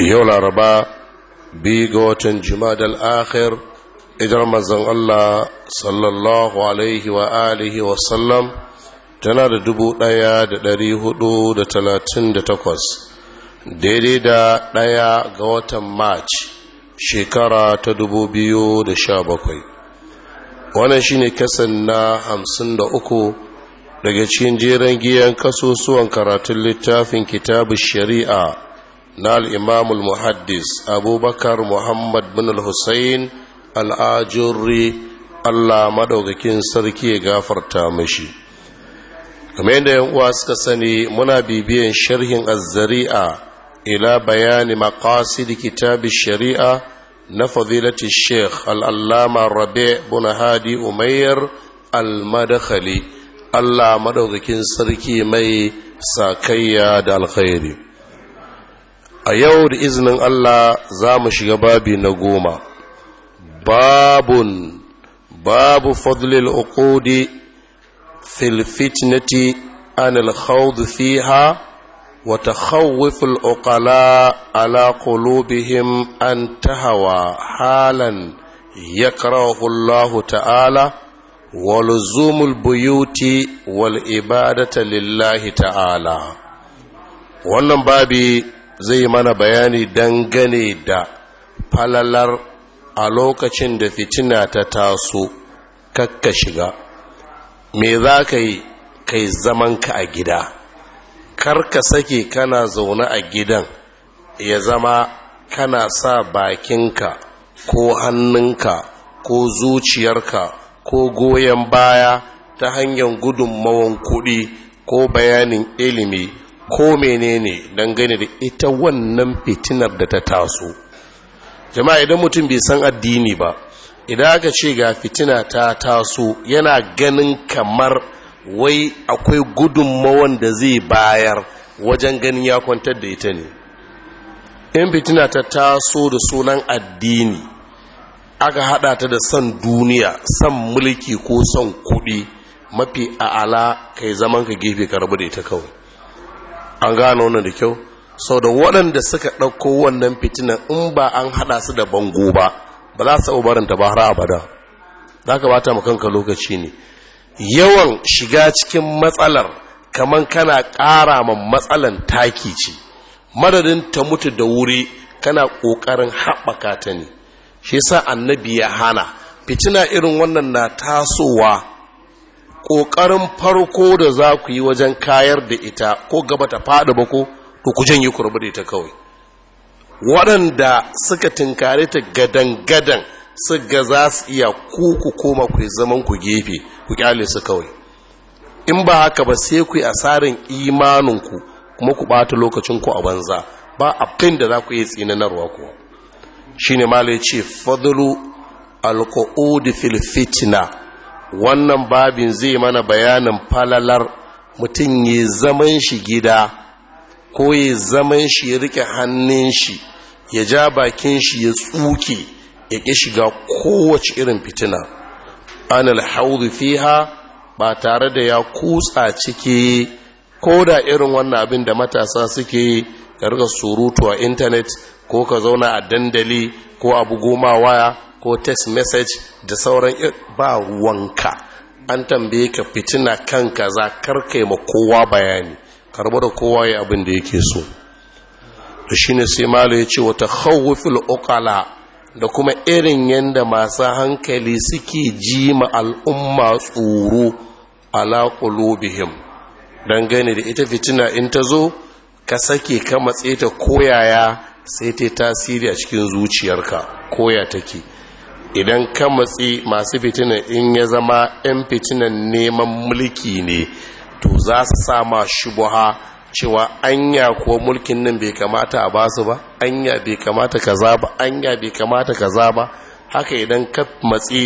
yau laraba biyu ga watan jimadal akhir idan mazan Allah sallallahu alaihi wa alihi wa sallam tana da dubu ɗaya da dari hudu da talatin da takwas daidai da ɗaya ga watan march shekara ta dubu biyu da sha bakwai wannan ne kasan na hamsin da uku daga cikin jeren giyan kasusuwan karatun littafin kitabu shari'a na al'imamul muhaddis abubakar muhammad bin al-hussein allah maɗaukakin sarki ya gafarta mashi kamar yadda yan uwa suka sani muna bibiyan sharhin azzari'a ila bayani maqasid kitabin shari'a na fadilati sheikh al'allama rabe Buna hadi umayyar al-madakhali allah maɗaukakin sarki mai sakayya da alkhairi a yau da izinin Allah za mu shiga babi na goma babun babu fadlil uqudi fil fitnati an al khawd fiha wa takhawwuf al uqala ala qulubihim an tahawa halan yakrahu Allah ta'ala wa luzumul buyuti wal ibadata lillahi ta'ala wannan babi zai mana bayani dangane da falalar a lokacin da fitina ta taso kakka shiga me za ka yi kai zamanka a gida Kar ka sake kana zaune a gidan ya zama kana sa bakinka ko hannunka ko zuciyarka ko goyon baya ta hanyar gudunmawan kuɗi ko bayanin ilimi ko menene dangane da ita wannan fitinar da ta taso jama'a idan mutum bai san addini ba idan aka ce ga fitina ta taso yana ganin kamar wai akwai gudunmawan da zai bayar wajen ganin ya kwantar da ita ne in fitina ta taso da sunan addini aka hada ta da san duniya san mulki ko son kuɗi mafi a'ala kai zaman ka gefe ka rabu da ita kawai an gano wannan da kyau sau da waɗanda suka ɗauko wannan fitinan in ba an haɗa su da bango ba ba za su barinta ba har abada za ka bata makanka lokaci ne yawan shiga cikin matsalar kamar kana ƙara ma matsalan taki ce madadin ta mutu da wuri kana ƙoƙarin haɓaka ta ne shi sa annabi ya hana fitina irin wannan na tasowa ƙoƙarin farko da za ku yi wajen kayar da ita ko gaba ta faɗi ba ko to ku janye ku da ita kawai waɗanda suka tinkare ta gadan-gadan su ga za su iya ku ku koma ku zaman ku gefe ku kyale su kawai in ba haka ba sai ku yi asarin imaninku kuma ku ɓata lokacinku a banza ba abin da za ku yi tsinanarwa kuwa shi ne ma ce fadlu alko'udi fil fitina wannan babin zai mana bayanin falalar mutum ya zaman shi gida ko ya zaman shi ya rike hannun shi ya ja bakin shi ya tsuke ya ƙi shiga kowace irin fitina an alhaudu fiha ba tare da ya kutsa ciki ko da irin wannan abin da matasa suke ka rika surutu a intanet ko ka zauna a dandali ko abu goma waya ko text message da sauran ba wanka an tambaye ka fitina kanka za karka ma kowa bayani karba da kowa ya abin da yake so da shi sai malo ya ce wata khawufil okala da kuma irin yadda masu hankali suke ji ma al'umma tsoro ala qulubihim dan gane da ita fitina in ta zo ka sake ka matse ta koyaya sai ta tasiri a cikin zuciyarka koya take idan ka matsi masu fitinan in ya zama 'yan fitinan neman mulki ne to za su sama shubuha cewa anya kuwa mulkin nan bai kamata a basu ba anya bai kamata kaza ba anya bai kamata kaza ba haka idan ka matsi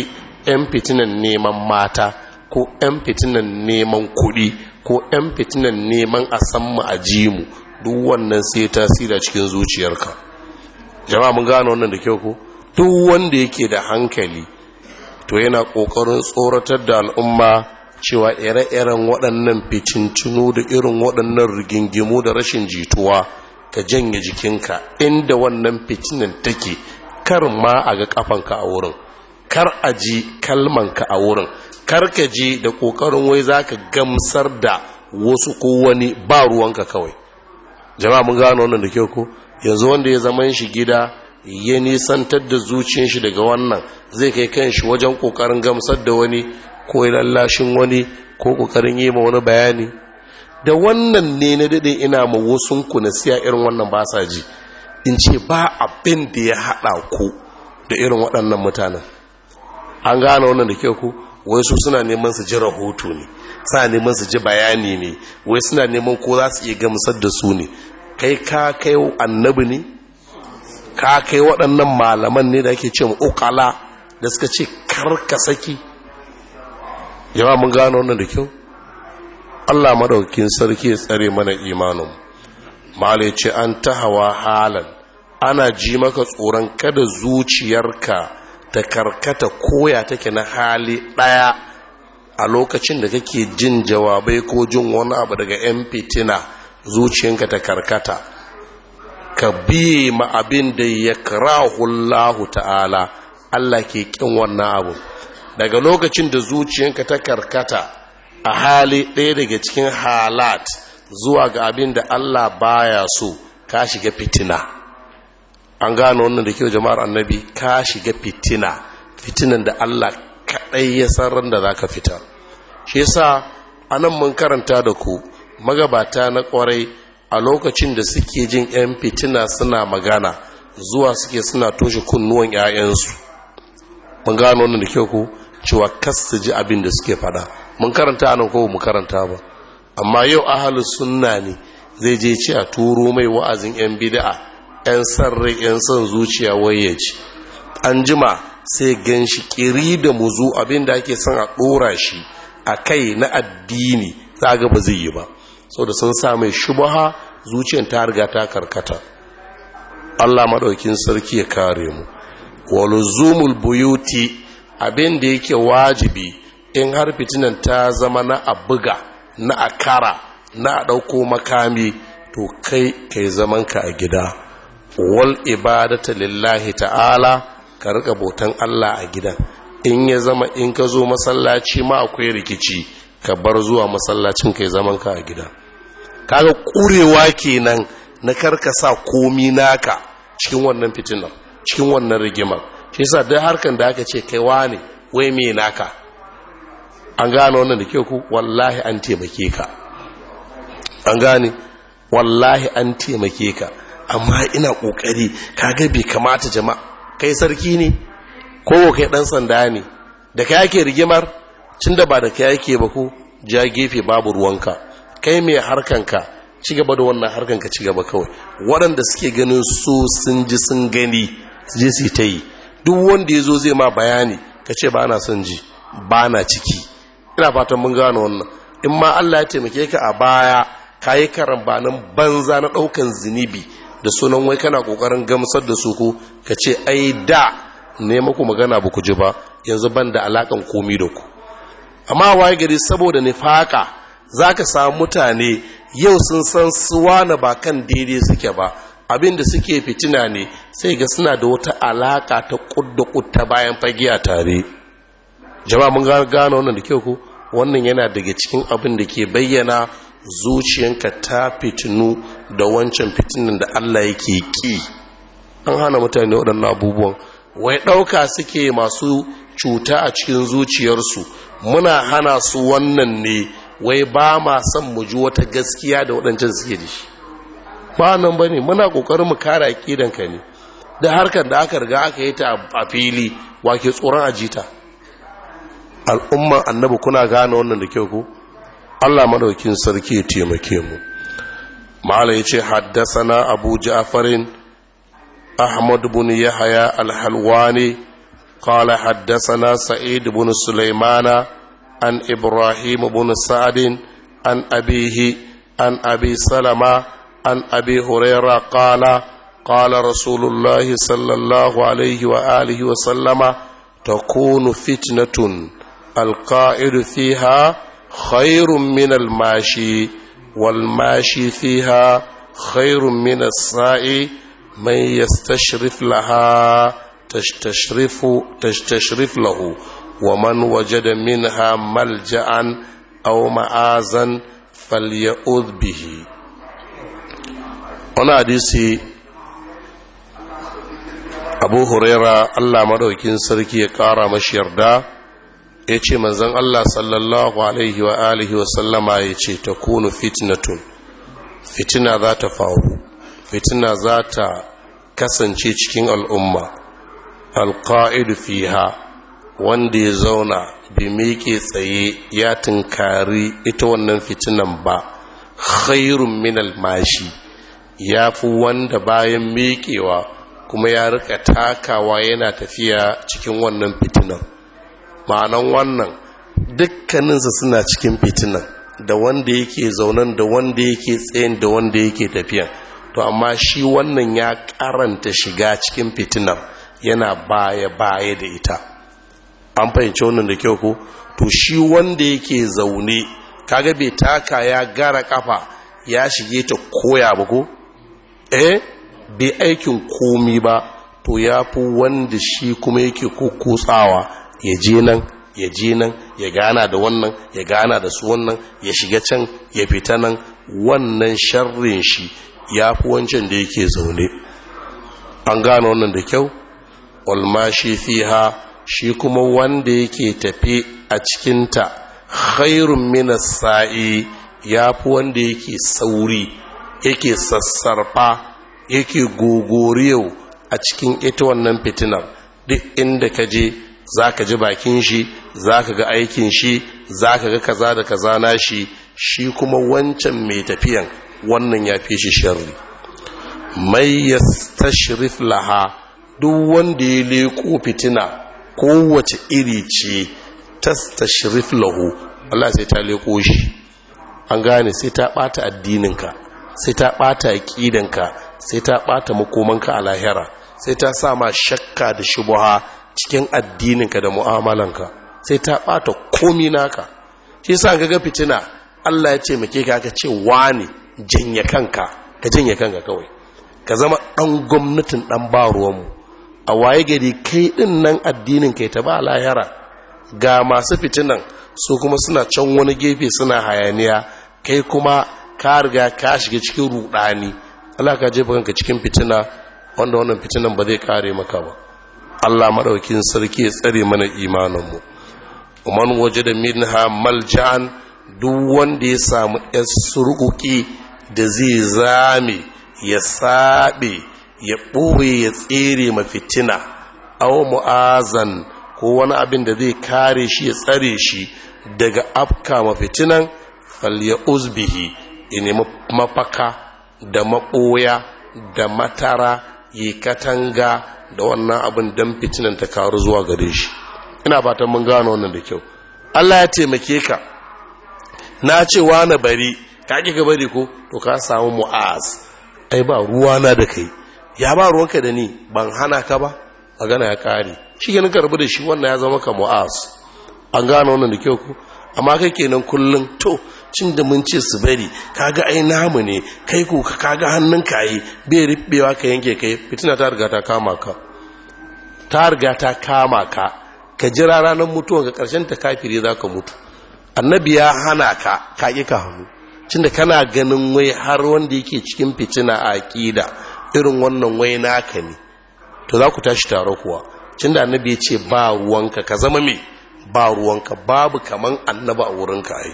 'yan fitinan neman mata ko 'yan fitinan neman kuɗi ko 'yan fitinan neman a sammu a mu duk wannan sai tasira cikin zuciyarka jama'a mun gano wannan da kyau ko duk wanda yake da hankali to yana ƙoƙarin tsoratar da al'umma cewa ire-iren waɗannan ficincinu da irin waɗannan rigingimu da rashin jituwa ka janye jikinka inda wannan fitinan take kar ma a ga kafanka a wurin kar a ji kalmanka a wurin kar ka ji da ƙoƙarin wai za ka gamsar da wasu ko wani ba ruwanka kawai jama'a mun gano wannan da kyau ko yanzu wanda ya zama shi gida ya nisantar da zuciyar shi daga wannan zai kai kanshi wajen kokarin gamsar da wani ko lallashin wani ko kokarin yi ma wani bayani da wannan ne na dade ina ma wasun ku na siya irin wannan ba sa ji in ce ba abin da ya haɗa ku da irin waɗannan mutanen an gane wannan da kyau ku wai su suna neman su ji rahoto ne suna neman su ji bayani ne wai suna neman ko za su iya gamsar da su ne kai ka kai annabi ne ka kai waɗannan malaman ne da ake ce ukala da suka ce karka saki jama mun gano wannan da kyau Allah maɗaukin sarki ya tsare mana imanin mala ce an ta hawa halan ana ji maka tsoron kada zuciyarka ta karkata koya take na hali ɗaya a lokacin da kake jin jawabai ko jin wani abu daga 'yan fitina zuciyarka ta karkata ka biye ma abin da ya kira karahullahu ta'ala Allah ke ƙin wannan abu daga lokacin da zuciyanka ta karkata a hali ɗaya daga cikin halat zuwa ga abin da Allah baya so ka shiga fitina an gano wannan da kyau jama'ar annabi ka shiga fitina fitinan da Allah kaɗai ya san da za ka fita shi yasa anan mun karanta da ku magabata na ƙwarai a lokacin da suke jin 'yan fitina suna magana zuwa suke suna toshe kunnuwan 'ya'yansu mun gano wannan da kyau ko cewa kas su ji abin da suke fada mun karanta nan ko mu karanta ba amma yau ahalus sunna ne zai je ci a turo mai wa'azin 'yan bida'a, 'yan san rai 'yan san zuciya waye an jima sai gan shi kiri da muzu abin da ake son a ɗora shi a kai na addini za ga ba zai yi ba saboda sun sa mai shubaha zuciyar ta riga ta karkata Allah maɗaukin sarki ya kare mu waluzumul buyuti abin da yake wajibi in har fitinan ta zama na buga, na akara na a ɗauko makami to kai kai zaman ka a gida wal ibadata lillahi ta'ala ka rika botan Allah a gidan in ya zama in ka zo masallaci ma akwai rikici ka bar zuwa masallacin kai zamanka a gida kaga ƙurewa kenan na karkasa komi naka cikin wannan fitinan cikin wannan rigimar shi yasa duk harkan da aka ce kai wane wai me naka an gane wannan da ke ku wallahi an taimake ka an gane wallahi an taimake ka amma ina kokari kaga bai kamata jama'a kai sarki ne ko kai dan sanda ne da kai ake rigimar tunda ba da kai ake ba ku, ja gefe babu ruwanka kai mai harkanka ci gaba da wannan harkanka ci gaba kawai waɗanda suke ganin su sun ji sun gani su je su ta yi duk wanda ya zo zai ma bayani ka ce ba na son ji ba na ciki ina fatan mun gano wannan in ma allah ya taimake ka a baya ka yi karambanin banza na ɗaukan zinibi da sunan wai kana ƙoƙarin gamsar da su ko ka ce ai da ne maku magana ba ku ji ba yanzu ban da alaƙan komi da ku amma waye gari saboda nifaka za ka samu mutane yau sun san suwa na ba kan daidai suke ba abin da suke fitina ne sai ga suna da wata alaka ta kudda ta bayan fagiya tare jama'a mun gano wannan da kyau ko wannan yana daga cikin abin da ke bayyana zuciyanka ta fitinu da wancan fitinan da Allah yake ki an hana mutane waɗannan abubuwan wai ɗauka suke masu cuta a cikin zuciyarsu muna hana su wannan ne wai ba ma son mu ji wata gaskiya da waɗancan suke da shi ba nan ba ne muna ƙoƙarin mu kare aƙidanka ne da harkar da aka riga aka yi ta a fili wake tsoron ajita al'umman annabi kuna gane wannan da kyau ko Allah madaukin sarki ya taimake mu mala yace haddathana abu ja'farin ahmad ibn yahya al-halwani qala haddathana sa'id ibn sulaymana an ibrahim ibn sa'adin an abihi an abi salama an abi huraira qala qala rasulullahi sallallahu alaihi wa alihi wa sallama takunu fitnatun alqa'idu fiha khairun min almashi والماشي فيها خير من السائي من يستشرف لها تستشرف تستشرف له wa man wajada minha malja'an aw ma'azan falya'ud bihi wani hadisi abu huraira allah maɗaukin sarki ya ƙara mashi yarda ya ce manzan allah sallallahu alaihi wa alihi wa sallama ya ce ta kunu fitnatun fitina za ta faru fitina za ta kasance cikin al'umma alƙa'idu fiha wanda ya zauna bi miƙe tsaye ya tunkari ita wannan fitinan ba khairun minal mashi ya fi wanda bayan miƙewa kuma ya rika takawa yana tafiya cikin wannan fitinan ma'anan wannan dukkaninsa suna cikin fitinan da wanda yake zaunan da wanda yake tsayin da wanda yake tafiya to amma shi wannan ya karanta shiga cikin fitinan yana baya-baya da ita an fahimci wannan da kyau ko to shi wanda yake zaune kaga bai taka ya gara kafa ya shige ta koya ba ko eh bai aikin komi ba to ya fi wanda shi kuma yake kokotsawa ya je nan ya je nan ya gana da wannan ya gana da su wannan ya shiga can ya fita nan wannan sharrin shi ya fi wancan da yake zaune an gane wannan da kyau walmashi fiha shi kuma wanda yake tafi a cikinta khairun minas sa'i ya fi wanda yake sauri yake sassarfa yake gogoriyau a cikin ita wannan fitinar duk inda ka je za ka ji bakin shi za ka ga aikin shi za ka ga kaza da kaza na shi shi kuma wancan mai tafiyan wannan ya fi shi shari mai yastashrif laha duk wanda ya leko fitina kowace iri ce ta tastashirif lahu Allah sai ta leko shi an gane sai ta bata addininka sai ta bata aqidanka sai ta bata makomanka a lahira sai ta sa ma shakka da shubuha cikin addininka da mu'amalanka sai ta bata komi naka shi yasa ga fitina Allah ya ce muke ka ka ce wani janye kanka ka janye kanka kawai ka zama dan gwamnatin dan ba mu. a waye gari kai din nan addinin kai ta ba lahira ga masu fitinan su kuma suna can wani gefe suna hayaniya kai kuma ka riga ka shiga cikin rudani Allah ka jefa kanka cikin fitina wanda wannan fitinan ba zai kare maka ba Allah madaukin sarki ya tsare mana imanin mu man wajada minha malja'an duk wanda ya samu yasruki da zai zame ya sabe ya ɓoye ya tsere mafitina fitina aw mu'azan ko wani abin da zai kare shi ya tsare shi daga afka mafitinan fitinan falya uzbihi ya nemi mafaka da maɓoya da matara yi katanga da wannan abin don fitinan ta karu zuwa gare shi ina fatan mun gano wannan da kyau Allah ya taimake ka na ce wa na bari ka ki ka bari ko to ka samu mu'az ai ba ruwa na da kai ya ba ruwanka da ni ban hana ka ba a ya kare shi ganin karbi da shi wannan ya zama ka mu'az an gano wannan da kyau ku amma kai kenan kullum to cin da mun ce su bari kaga ai namu ne kai ku kaga hannun ka yi, bai riɓewa ka yanke kai fitina ta riga ta kama ka ta riga ta kama ka ka jira ranar mutuwa ga karshen ta kafiri za ka mutu annabi ya hana ka ka ƙi ka hannu cin da kana ganin wai har wanda yake cikin fitina a aƙida irin wannan wai naka ne to za ku tashi taro kuwa cin da annabi ya ce ba ruwanka ka zama mai ba ruwanka babu kaman annaba a wurinka ai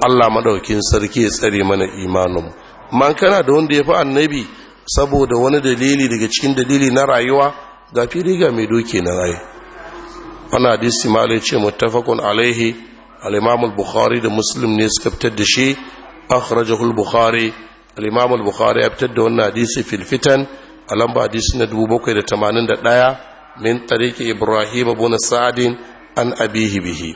Allah madaukin sarki ya tsare mana mu man kana da wanda ya fi annabi saboda wani dalili daga cikin dalili na rayuwa ga fi ga mai doke na rayu wannan hadisi malai ce muttafaqun alaihi al-imam al-bukhari da muslim ne suka fitar da shi akhrajahu al-bukhari Alimamul imam bukhari ya fitar da wannan hadisi fil fitan a lamba hadisi na 781 min tariki ibrahim ibn sa'd an abihi bihi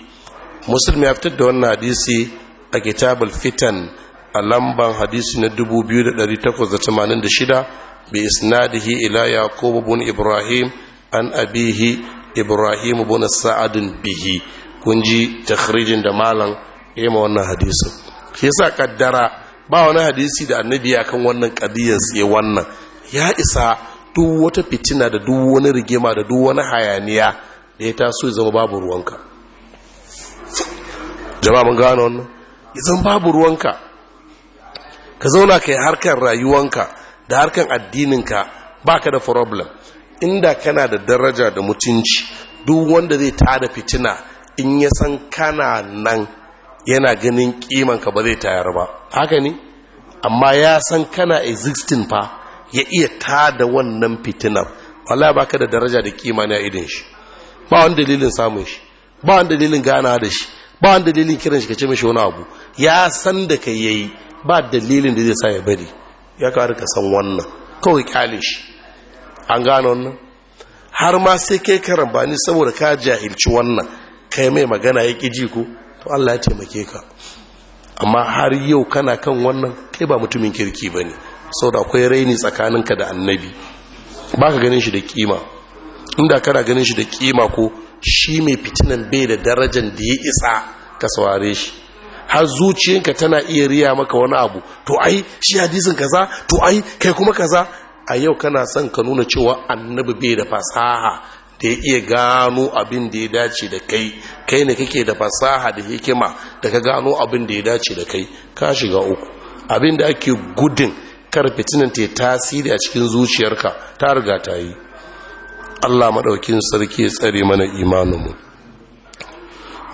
muslim ya fitar da wannan hadisi a kitab al-fitan a lamban hadisi na 2886 bi isnadihi ila yaqub ibn ibrahim an abihi ibrahim ibn sa'd bihi kun ji da malam yema wannan hadisin shi yasa ƙaddara ba wani hadisi da annabi ya kan wannan kadiyar tsaye wannan ya isa duk wata fitina da duk wani rigima da duk wani hayaniya da ya taso ya zama babu ruwanka jama'a mun gano wannan ya zama babu ruwanka ka zauna ka yi harkar rayuwanka da harkar addininka baka da problem inda kana da daraja da mutunci duk wanda zai tada fitina in ya san kana nan yana ganin kiman ka ba zai tayar ba haka ne amma ya san kana existing fa ya iya tada wannan fitinar wallahi baka da daraja da kima ne a idin shi ba wani dalilin samun shi ba wani dalilin gana da shi ba wani dalilin kiran shi ka ce mishi wani abu ya san da kai yayi ba dalilin da zai sa ya bari ya kawar ka san wannan kawai kyale shi an gano wannan har ma sai kai ni saboda ka jahilci wannan kai mai magana ya ƙi ji ko to Allah ya taimake ka amma har yau kana kan wannan kai ba mutumin kirki ba ne da akwai raini tsakaninka da annabi ba ka ganin shi da kima inda kana ganin shi da kima ko shi mai fitinan bai da darajar da ya isa ka saware shi har zuciyarka tana iya riya maka wani abu to ai shi hadisin kaza to ai kai kuma kaza a yau kana son ka nuna cewa annabi bai da fasaha da ya iya gano abin da ya dace da kai kai ne kake da fasaha da hikima da ka gano abin da ya dace da kai ka shiga uku abin da ake gudun kar fitinan ta tasiri a cikin zuciyarka ta riga ta yi Allah maɗaukin sarki ya tsare mana imaninmu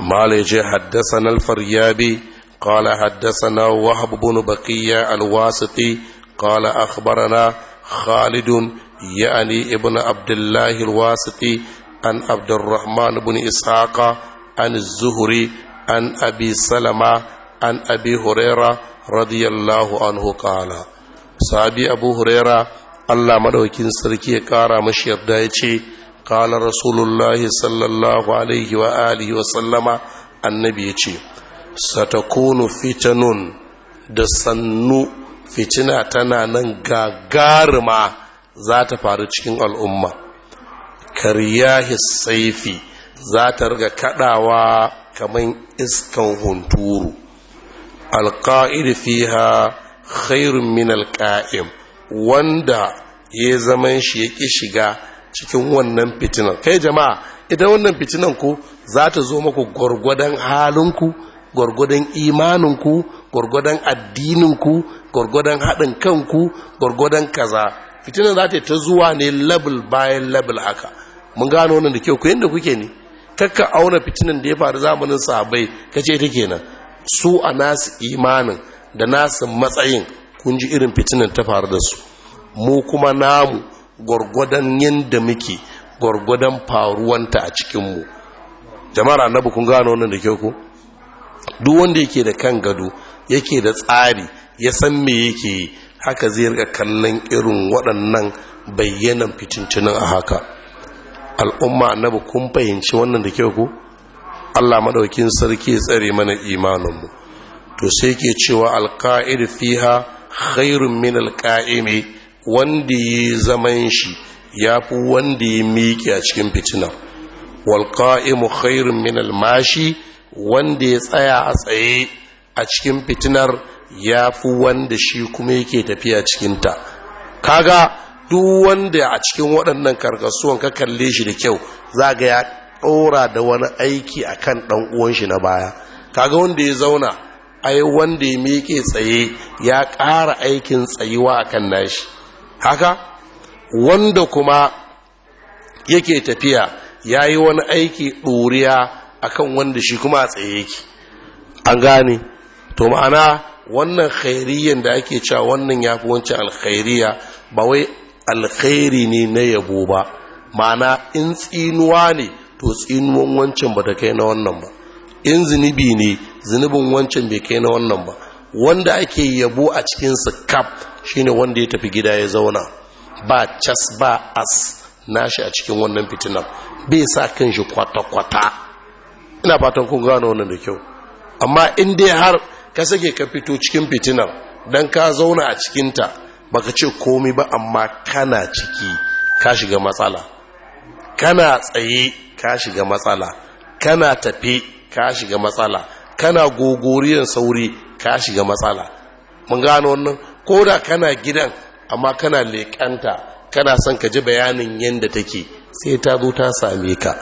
mu. ya ce haddasa alfaryabi Wahabu حدثنا وهب بن بقية الواسطي قال أخبرنا Khalidun. يعني ابن عبد الله الواسطي عن عبد الرحمن بن إسحاق عن الزهري عن أبي سلمة عن أبي هريرة رضي الله عنه قال صحابي أبو هريرة الله مدوكين سركي كارا مشير دايتي قال رسول الله صلى الله عليه وآله وسلم النبي ستكون فتن دسنو فتنة fitina tana nan za ta faru cikin al'umma karyahi saifi za ta riga kadawa kamar iskan hunturu alƙa'id fiha khairun min alƙa'im wanda ya zaman shi ya ƙi shiga cikin wannan fitinan kai jama'a idan wannan fitinan ku za ta zo maku gwargwadon halinku gwargwadon imaninku gwargwadon addininku gwargwadon haɗin kanku gwargwadon kaza fitinan za ta ta zuwa ne level bayan level aka. mun gano wannan da kyau ku yadda kuke ne kakka auna fitinan da ya faru zamanin sahabbai ce ta kenan su a nasu imanin da nasu matsayin kun ji irin fitinan ta faru da su mu kuma namu gwargwadon yadda muke gwargwadon faruwanta a cikinmu jama'ar annabu kun gano wannan da kyau ko? duk wanda yake da kan gado yake da tsari ya san me yake yi haka zai riga kallon irin waɗannan bayyanan fitintunan a haka al'umma annabi kun fahimci wannan da kyau ku Allah madaukin sarki tsare mana imaninmu to sai ke cewa alqa'id fiha khairun min alqa'imi wanda yi zaman shi yafi wanda yi miƙe a cikin fitina wal qa'imu khairun min almashi wanda ya tsaya a tsaye a cikin fitinar ya fi wanda shi kuma yake tafiya cikinta kaga duk wanda a cikin waɗannan karkasuwan ka kalle shi da kyau za ga ya ɗora da wani aiki a kan ɗan uwan shi na baya kaga wanda ya zauna ai wanda ya miƙe tsaye ya ƙara aikin tsayuwa a kan nashi haka wanda kuma yake tafiya ya yi wani aiki ɗoriya a kan wanda shi kuma a tsaye yake an gane to ma'ana wannan khairiyyar da ake cewa wannan ya fi wancan alkhairiyya ba wai alkhairi ne na yabo ba ma'ana in tsinuwa ne to tsinuwan wancan ba ta kai na wannan ba in zunubi ne zunubin wancan bai kai na wannan ba wanda ake yabo a kap kaf shine wanda ya tafi gida ya zauna ba cas ba as nashi a cikin wannan fitinan bai sa kan shi kwata-kwata ina fatan kun gano wannan da kyau amma in dai har ka sake ka fito cikin fitinar don ka zauna a cikinta baka ce komi ba amma kana ciki ka shiga matsala kana tsaye ka shiga matsala kana tafe ka shiga matsala kana gogoriyar sauri ka shiga matsala mun gano wannan ko da kana gidan amma kana leƙanta kana son ka ji bayanin yadda take sai ta zo ta same ka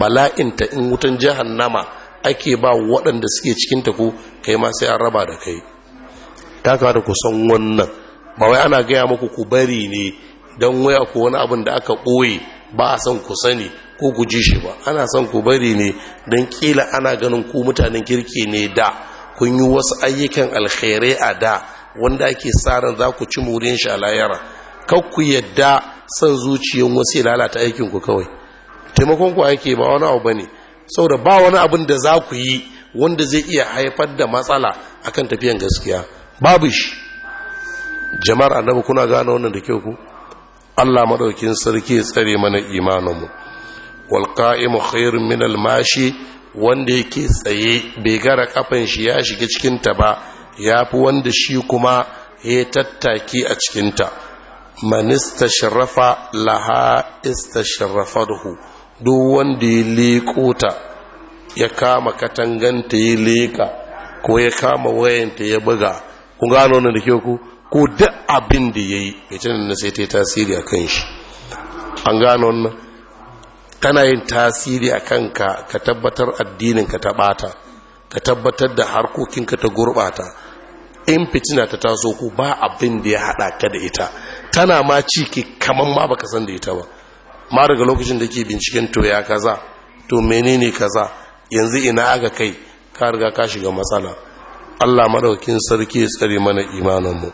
bala'inta in wutan nama. ake ba waɗanda suke cikin ta ko kai ma sai an raba da kai ta da kusan wannan ba wai ana gaya muku ku bari ne don waya ko wani abin da aka ɓoye ba a son ku sani ko ku ji shi ba ana son ku bari ne don ƙila ana ganin ku mutanen kirki ne da kun yi wasu ayyukan alkhairai a da wanda ake sa ran za ku ci murin shi a layara kar ku yadda son zuciyan wasu ya lalata aikin ku kawai taimakon ku ake ba wani abu bane saboda ba wani abin da za ku yi wanda zai iya haifar da matsala a kan tafiyan gaskiya babu shi jama'ar annabi kuna gane wannan da kyau ku Allah maɗaukin sarki ya tsare mana imaninmu walƙa'imu khairun min wanda yake tsaye bai gara kafan shi ya shiga cikinta ba, ya fi wanda shi kuma ya tattaki a cikinta. ta man istashrafa da hu duk wanda ya leko ta ya kama katanganta ya leka ko ya kama wayanta ya buga kun gano da kyau ku ko duk abin da ya yi ya na sai ta yi tasiri a kan shi an gano wannan Tana yin tasiri a kan ka tabbatar addinin ka ta bata ka tabbatar da harkokinka ta gurbata in fitina ta taso ku ba abin da ya haɗa ka da ita tana ma ciki kamar ma baka san da ita ba ma daga lokacin da ke binciken to ya kaza to menene kaza yanzu ina aka kai ka riga ka shiga matsala Allah madaukin sarki ya tsare mana imaninmu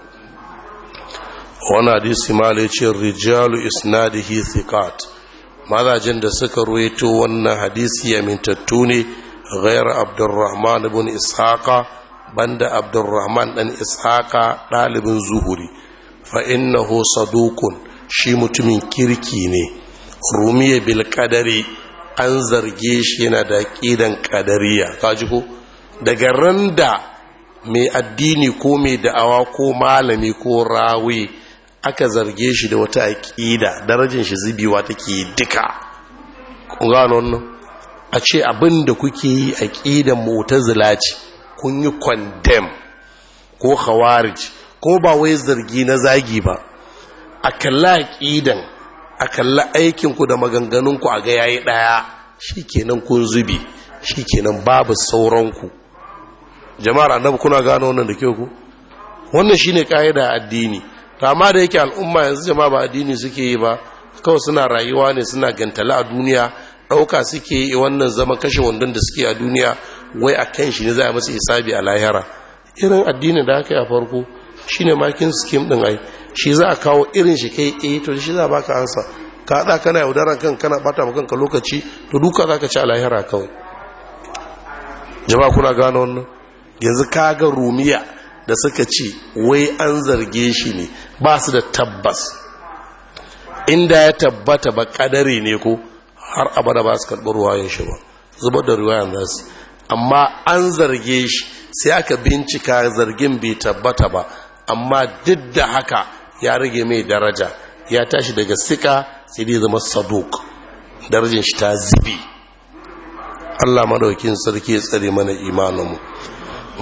wani hadisi malai ce rijalu isnadihi thiqat mazajen da suka ruwaito wannan hadisi ya mintattu ne ghayr abdurrahman ibn ishaqa banda abdurrahman dan ishaqa dalibin zuhuri fa innahu saduqun shi mutumin kirki ne Rumiya bil kadari an zarge shi yana da ƙidan kadariya ka ji ko daga ran da mai addini ko mai da'awa ko malami ko rawi aka zarge shi da wata aƙida darajar shi zubiwa take duka kun gano wannan a ce abin da kuke yi aƙidan mu'tazila ce kun yi condemn ko khawarij ko ba wai zargi na zagi ba a kalla aƙidan a kalli aikinku da maganganunku a ga yayi ɗaya shi kenan kun zubi shi kenan babu sauranku jama'ar annabi kuna gano wannan da kyau ku wannan shine ƙa'ida addini to amma da yake al'umma yanzu jama'a ba addini suke yi ba kawai suna rayuwa ne suna gantala a duniya ɗauka suke yi wannan zama kashe wandon da suke a duniya wai a kan shi ne za a masu isabi a lahira irin addini da aka yi a farko shine makin skim ɗin ai shi za a kawo irin shi kai eh to shi za a baka ansa ka hada kana yaudaran kan kana bata maka kanka lokaci to duka za ka ci a lahira kawai jama'a kuna gano wannan yanzu ka ga rumiya da suka ci wai an zarge shi ne ba su da tabbas inda ya tabbata ba kadari ne ko har abada ba su karɓi ruwayen shi ba zubar da ruwayen nasu amma an zarge shi sai aka bincika zargin bai tabbata ba amma duk da haka ya rage mai daraja ya tashi daga sika sai dai zama saduk darajin shi ta zibi Allah maɗaukin sarki ya tsare mana imaninmu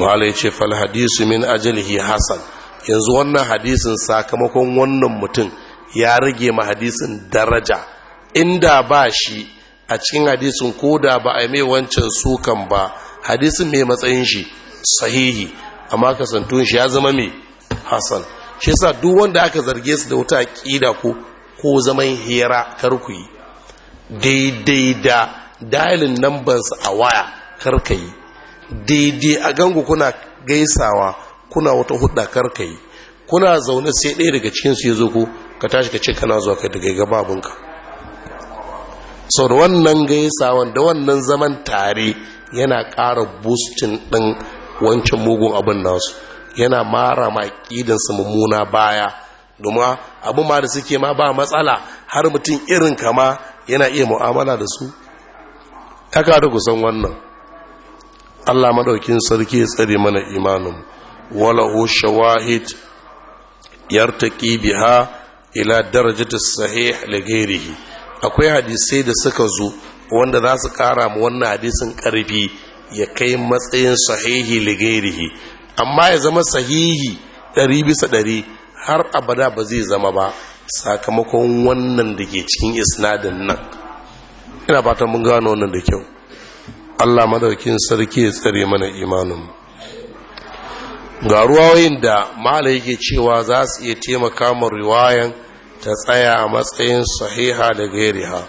wala ya ce fal hadisu min ajalihi Hassan, yanzu wannan hadisin sakamakon wannan mutum ya rage ma hadisin daraja inda ba shi a cikin hadisin ko da ba a yi mai wancan sukan ba hadisin mai matsayin shi sahihi amma kasantun shi ya zama mai Hassan. shi yasa duk wanda aka zarge su da wata aqida ko ko zaman hira kar ku yi daidai da dialing numbers a waya kar ka yi daidai a gangu kuna gaisawa kuna wata hudda kar ka yi kuna zaune sai ɗaya daga cikin su yazo ko ka tashi ka ce kana zuwa kai daga gaba abunka sau da wannan gaisawan da wannan zaman tare yana ƙara boosting ɗin wancan mugun abin nasu yana mara ma ƙidansu mummuna baya domin abin ma da suke ma ba matsala har mutum irin kama yana iya mu'amala da su ta da kusan wannan allah maɗaukin sarki ya tsare mana imanin walahu shawahid yartaki biha ila darajata sahih lagairihi akwai hadisai da suka zo wanda za su kara mu wannan hadisin ƙarfi ya kai matsayin sahihi lagairihi amma ya zama sahihi ɗari bisa ɗari har abada ba zai zama ba sakamakon wannan da ke cikin isnadin nan ina fatan mun gano wannan da kyau allah madaukin sarki ya tsare mana imanin ga ruwayoyin da mala yake cewa za su iya taimaka ma riwayan ta tsaya a matsayin sahiha da gairiha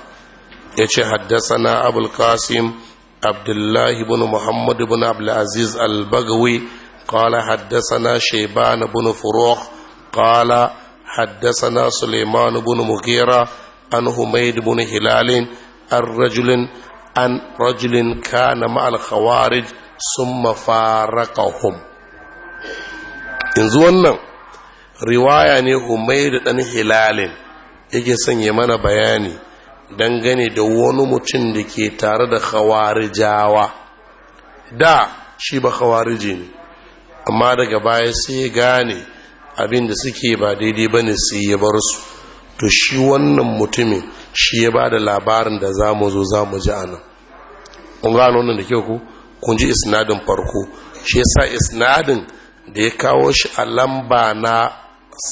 ya ce haddasa na abulkasim abdullahi bin muhammadu bin abdulaziz albagawi قال حدثنا شيبان بن فروخ قال حدثنا سليمان بن مغيرة عن حميد بن هلال عن رجل عن رجل كان مع الخوارج ثم فارقهم yanzu wannan riwaya ne Humaydu dan Hilalin yake sanya mana bayani dangane da wani mutum da ke tare da khawarijawa da shi ba khawarije ne amma daga baya sai ya gane abinda suke ba daidai ba ne sai ya bar su to shi wannan mutumin shi ya ba da labarin da za mu zo za mu ji a nan kun wannan da kyau ku kun ji isnadin farko shi ya sa isnadin da ya kawo shi a lamba na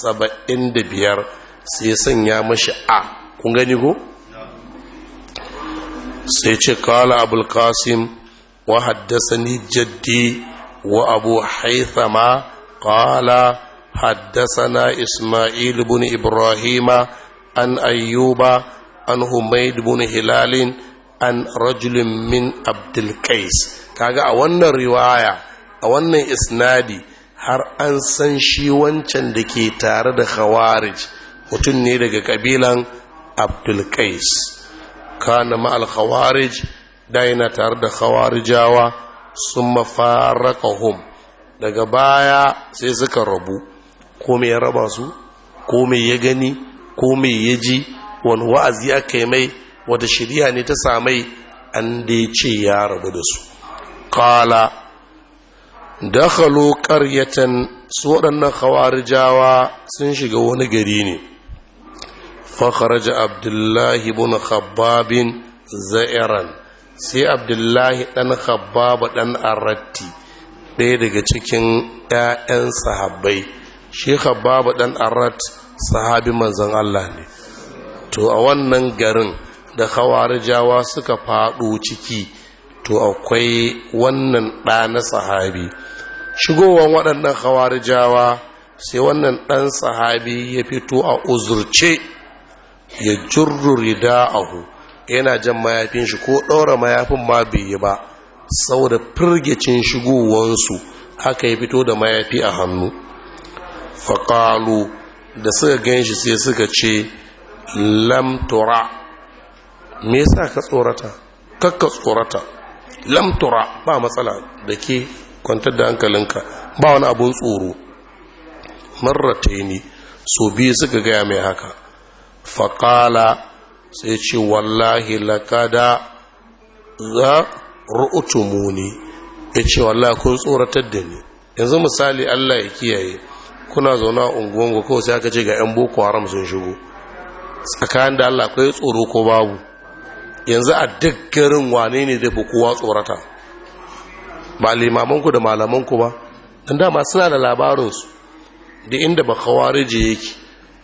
saba'in da biyar sai ya sanya mashi a kun gani ko sai ce kala abulkasim qasim wa ni jaddi وأبو حيثما قال حدثنا na بن إبراهيم عن an عن حميد بن هلال عن رجل من عبد القيس kaga a wannan riwaya a wannan isnadi har an san shi wancan da ke tare da khawarij mutum ne daga kabilan abdulkais kana al khawarij da yana tare da khawarijawa sun mafaraka hum daga baya sai suka rabu ko mai raba su ko mai ya gani ko mai ya ji wani wa'azi aka yi mai wata shirya ne ta samai an ya ce ya rabu da su kala halo karyatan su waɗannan hawarijawa sun shiga wani gari ne fa abdullahi ibn khabbab za'iran sai abdullahi ɗan khabbab ɗan arratti ɗaya daga cikin ƴaƴan sahabbai shi khabbab ɗan arrat sahabi manzon Allah ne to a wannan garin da khawarijawa suka faɗo ciki to akwai wannan ɗa na sahabi shigowan waɗannan khawarijawa sai wannan ɗan sahabi ya fito a uzurce ya a hu yana jan mayafin shi ko ɗaura mayafin ma bai yi ba saboda firgicin shigowansu haka ya fito da mayafi a hannu faƙalu da suka gan shi sai suka ce lamtura me yasa ka tsorata kakka tsorata lamtura ba matsala da ke kwantar da hankalinka ba wani abun tsoro marrata ne so biyu suka gaya mai haka faƙala sai ce wallahi lakada za muni ya ce wallahi kun tsoratar da ni yanzu misali Allah ya kiyaye kuna zauna unguwanku kawai sai aka ce ga 'yan boko haram sun shigo tsakanin da Allah akwai tsoro ko babu yanzu a duk garin wane ne da fi kowa tsorata ba limamanku da malamanku ba don dama suna da labarinsu da inda ba kawarije yake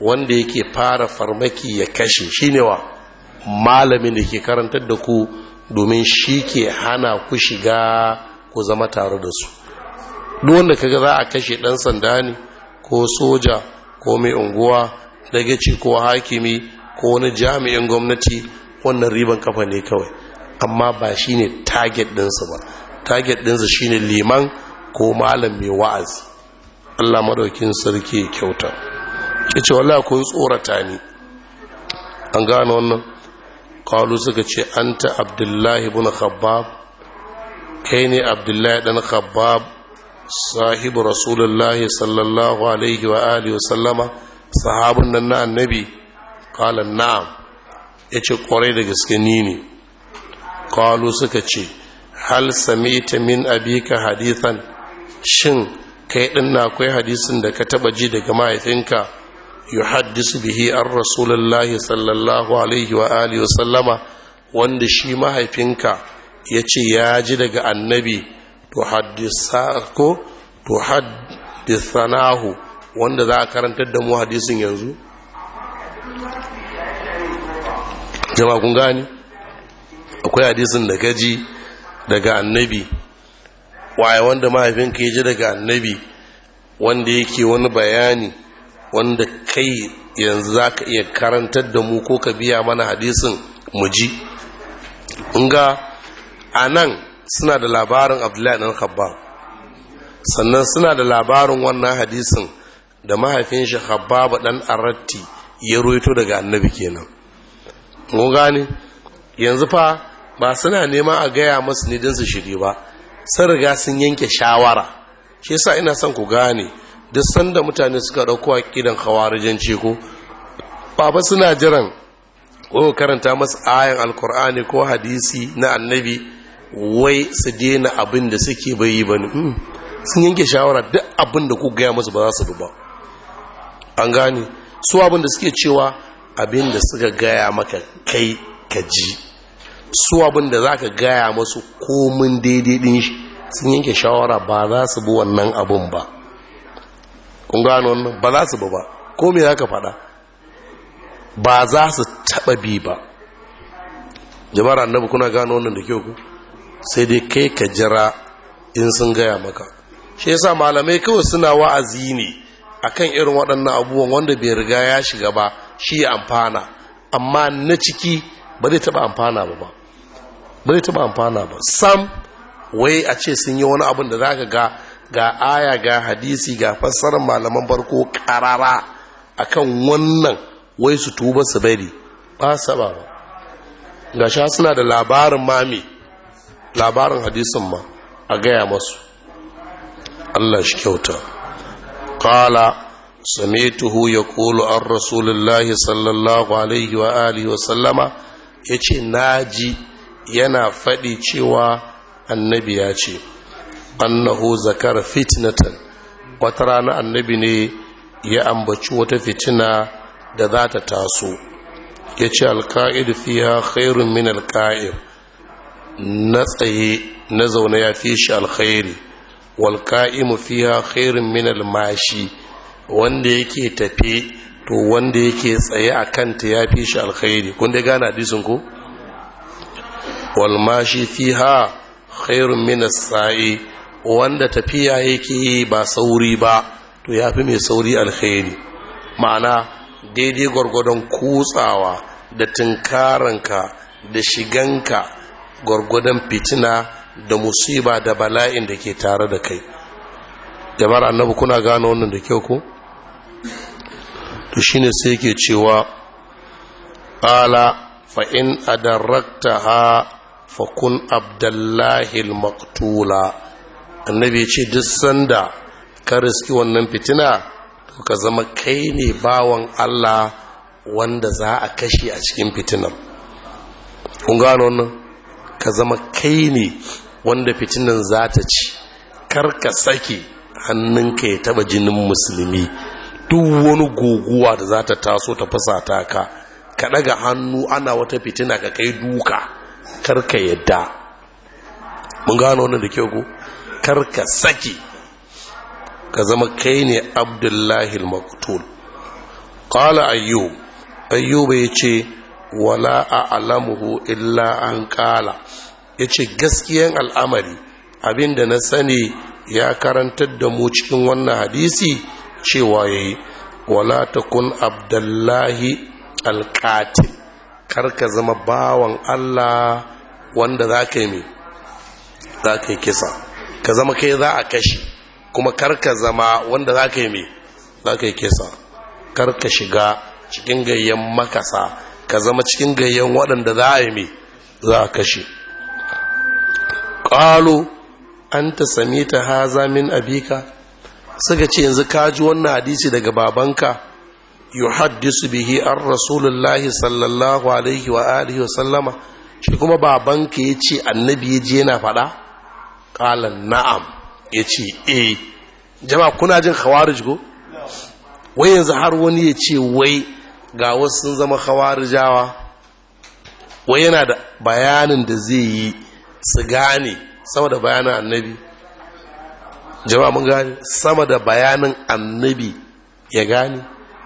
wanda yake fara farmaki ya kashe shine wa malamin da ke karantar da ku domin shi ke hana ku shiga ku zama tare da su duk wanda kaga za a kashe dan sanda ne ko soja ko mai unguwa daga ce ko hakimi ko wani jami'in gwamnati wannan riban kafa ne kawai amma ba shine target dinsu ba target shi shine liman ko malam mai wa'azi Allah madaukin sarki kyauta kace wallahi kun tsorata ni an gane wannan qalu suka ce anta abdullahi ibn khabbab kai ne abdullahi ɗan khabbab sahibu rasulullahi sallallahu alaihi wa alihi wa sallama sahabun nan na annabi qala na'am yace kwarai da gaske ni ne qalu suka ce hal ta min abika hadisan. shin kai din na akwai hadisin da ka taɓa ji daga mahaifinka yuhaddisu bihi an rasulullahi sallallahu alaihi wa alihi wanda shi mahaifinka ya ce ya ji daga annabi to haddisanahu wanda za a karantar da mu hadisin yanzu jama'a kun gani akwai hadisin da gaji daga annabi waye wanda mahaifinka ya ji daga annabi wanda yake wani bayani wanda kai yanzu za ka iya karantar da mu ko ka biya mana hadisin muji ga a nan suna da labarin abdullahi ɗan habban sannan suna da labarin wannan hadisin da mahaifin shi hababa ɗan aratti ya roito daga annabi kenan mun gane yanzu fa ba suna nema a gaya masu ne su shiri ba sun riga sun yanke shawara shi yasa ina son ku gane duk sanda mutane suka ɗauko aƙidan hawarijanci ko baba suna jiran ko karanta masu ayan alkur'ani ko hadisi na annabi wai su daina abin da suke bayi ba ne hmm. sun yanke shawara duk abin da ku gaya masu ba za su duba an gane su abin da suke cewa abin da suka gaya maka kai ka ji su abin da za ka gaya masu komin daidai din shi sun yanke shawara ba za su bi wannan abin ba kun gano wannan ba za su ba ba ko me za ka faɗa ba za su taɓa bi ba jama'ar annabi kuna gano wannan da kyau ku sai dai kai ka jira in sun gaya maka shi yasa malamai kawai suna wa'azi ne akan irin waɗannan abubuwan wanda bai riga ya shiga ba shi ya amfana amma na ciki ba zai taɓa amfana ba ba ba zai taɓa amfana ba sam wai a ce sun yi wani abin da za ka ga ga aya ga hadisi ga fassarar malaman farko karara akan wannan wai su tuba su bari ba sa ba ga sha suna da labarin mami labarin hadisin ma a gaya masu Allah shi kyauta kala samituhu ya kolo an rasulullahi sallallahu alaihi wa alihi wa ya ce naji yana faɗi cewa annabi ya ce annahu zakar fitnatan wata rana annabi ne ya ambaci wata fitina da za ta taso ya ce alka'id fiya khairun min alka'ir na tsaye na zaune ya fi shi alkhairi walka'imu fiya khairun min almashi wanda yake tafe to wanda yake tsaye a kanta ya fi shi alkhairi kun dai gane disin ko walmashi fiha khairun min as-sa'i wanda tafiya yake ba sauri ba to ya fi mai sauri alkhairi ma'ana daidai gwargwadon kutsawa da tunkaranka da shiganka gwargwadon fitina da musiba da bala'in da ke tare da kai jama'ar annabu kuna gano wannan da kyau ko to shine sai ke cewa Bala fa darakta ha fa kun abdullahi maktula annabi ce duk sanda ka riski wannan fitina to ka zama kai ne bawan Allah wanda za a kashe a cikin fitinan. kun gano wannan ka zama kai ne wanda fitinan za ta ci kar ka sake hannunka ya taba jinin musulmi duk wani guguwa da za ta taso ta ta ka ka daga hannu ana wata fitina ka kai duka kar ka yadda mun gano wannan da kyau ko karka saki ka zama kai ne abdullahi maktul qala ayyub ayyub ya ce wala a'lamuhu illa an qala ya ce gaskiyan al'amari abinda na sani ya karantar da mu cikin wannan hadisi cewa ya yi wala ta kun abdullahi alkatil karka zama bawan allah wanda za ka yi za ka yi kisa ka zama kai za a kashe kuma karka zama wanda za ka yi mai za ka yi kesa karka shiga cikin gayyan makasa ka zama cikin gayyan waɗanda za a yi mai za a kashe ƙalo an ta sami ta haza min abika suka ce yanzu kaji wannan hadisi daga babanka yuhaddisu bihi an rasulullahi sallallahu alaihi wa alihi wa sallama shi kuma babanka ya ce annabi ya je yana faɗa ƙala na'am ya ce eh jama'a kuna jin khawarij go wai yanzu har wani ya ce wai ga wasu sun zama khawarijawa wai yana da bayanin da zai yi su gane sama da bayanin annabi jama'a mun gane sama da bayanin annabi ya gane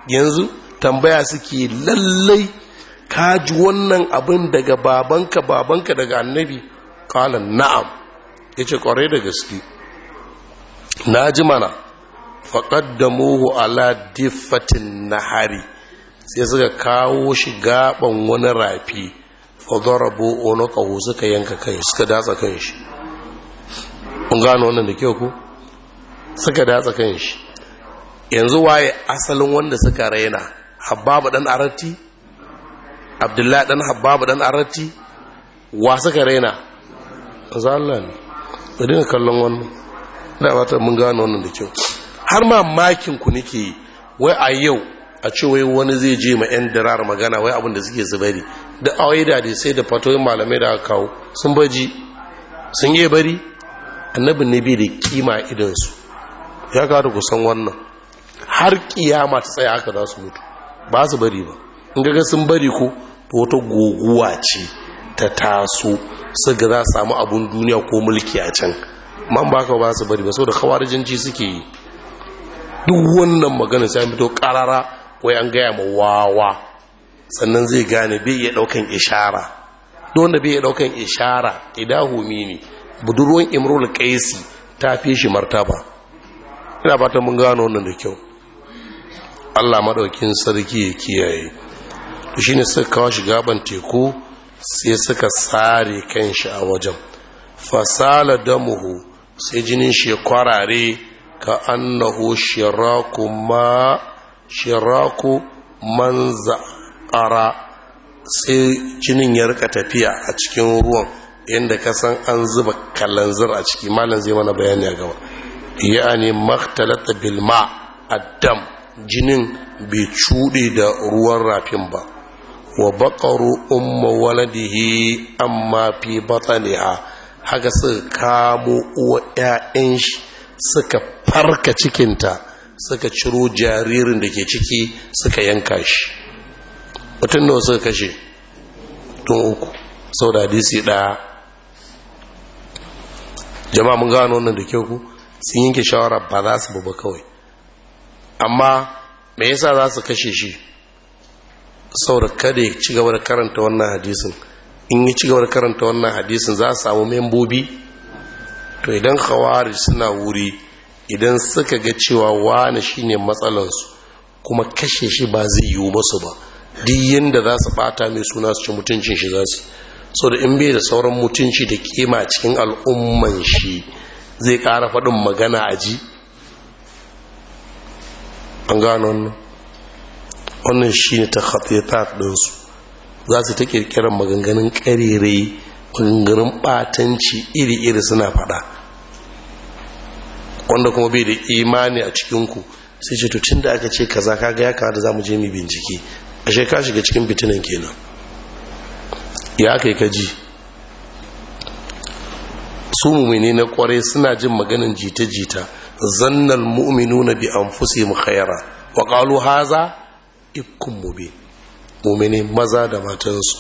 yanzu tambaya suke lallai ka ji wannan abin daga babanka babanka daga annabi kala na'am ya ce kwarai da gaske na ji mana faƙad da muhu ala diffatin hari sai suka kawo shi gaban wani rafi fadarabo onokahu suka yanka kai suka datsa kan shi kun gano wannan da kyau ku suka datsa kan shi yanzu waye asalin wanda suka raina habbabu dan arati abdullahi dan habbabu dan arati wa suka raina zallan da dinga kallon wannan ina ta mun gano wannan da kyau har ma makin ku nake wai a yau a ce wai wani zai je ma yan dirar magana wai abin da suke zubari da awaida da sai da fatoyin malamai da aka kawo sun baji sun yi bari annabin ne bai da kima idansu ya kawo ku san wannan har kiyama ta tsaya aka za su mutu ba su bari ba in ga sun bari ko to wata guguwa ce ta taso su ga za samu abun duniya ko mulki a can man ba ka ba su bari ba saboda kawarijanci suke yi duk wannan magana sai fito karara wai an gaya ma wawa sannan zai gane bai iya daukan ishara don wanda bai iya daukan ishara idahu mini budurwan imrul qaisi ta fi shi martaba ina fatan mun gano wannan da kyau Allah madaukin sarki ya kiyaye to shine suka kawo shi gaban teku sai suka kan shi a wajen fasala damuhu sai jinin shi kwarare ka annahu shiraku ma shiraku man za'ara sai jinin ya rika tafiya a cikin ruwan inda ka san an zuba kalanzir a ciki malam zai mana bayani a gaba ya'ani maktalata bilma addam jinin bai cuɗe da ruwan rafin ba wa baƙaru umma waladihi amma fi bataniha haka suka kamo uwa 'ya'yan shi suka farka cikinta suka ciro jaririn da ke ciki suka yanka shi mutum nawa suka kashe tun uku sau da ɗaya jama'a mun gano wannan da kyau ku sun yanke shawara ba za su buba kawai amma me yasa za su kashe shi da kada ya ci gaba da karanta wannan hadisin in ya ci gaba da karanta wannan hadisin za a samu membobi to idan khawarij suna wuri idan suka ga cewa wani shine matsalansu kuma kashe shi ba zai yiwu masu ba duk yadda za su bata mai suna su ci mutuncin shi za su so da in bai da sauran mutunci da kima cikin al'umman shi zai kara faɗin magana a ji an gano wannan wannan shi ne ta khatitat ɗinsu za su ta ƙirƙirar maganganun ƙarere maganganun ɓatanci iri-iri suna faɗa wanda kuma bai da imani a cikinku sai ce tun da aka ce kaza kaga ya kawo da za mu je mu bincike ashe ka shiga cikin fitinan kenan ya kai ka ji su mummune na kwarai suna jin maganin jita-jita zannan zannal na bi an anfusihim mu wa waƙalu haza ikkun mube mumini maza da matansu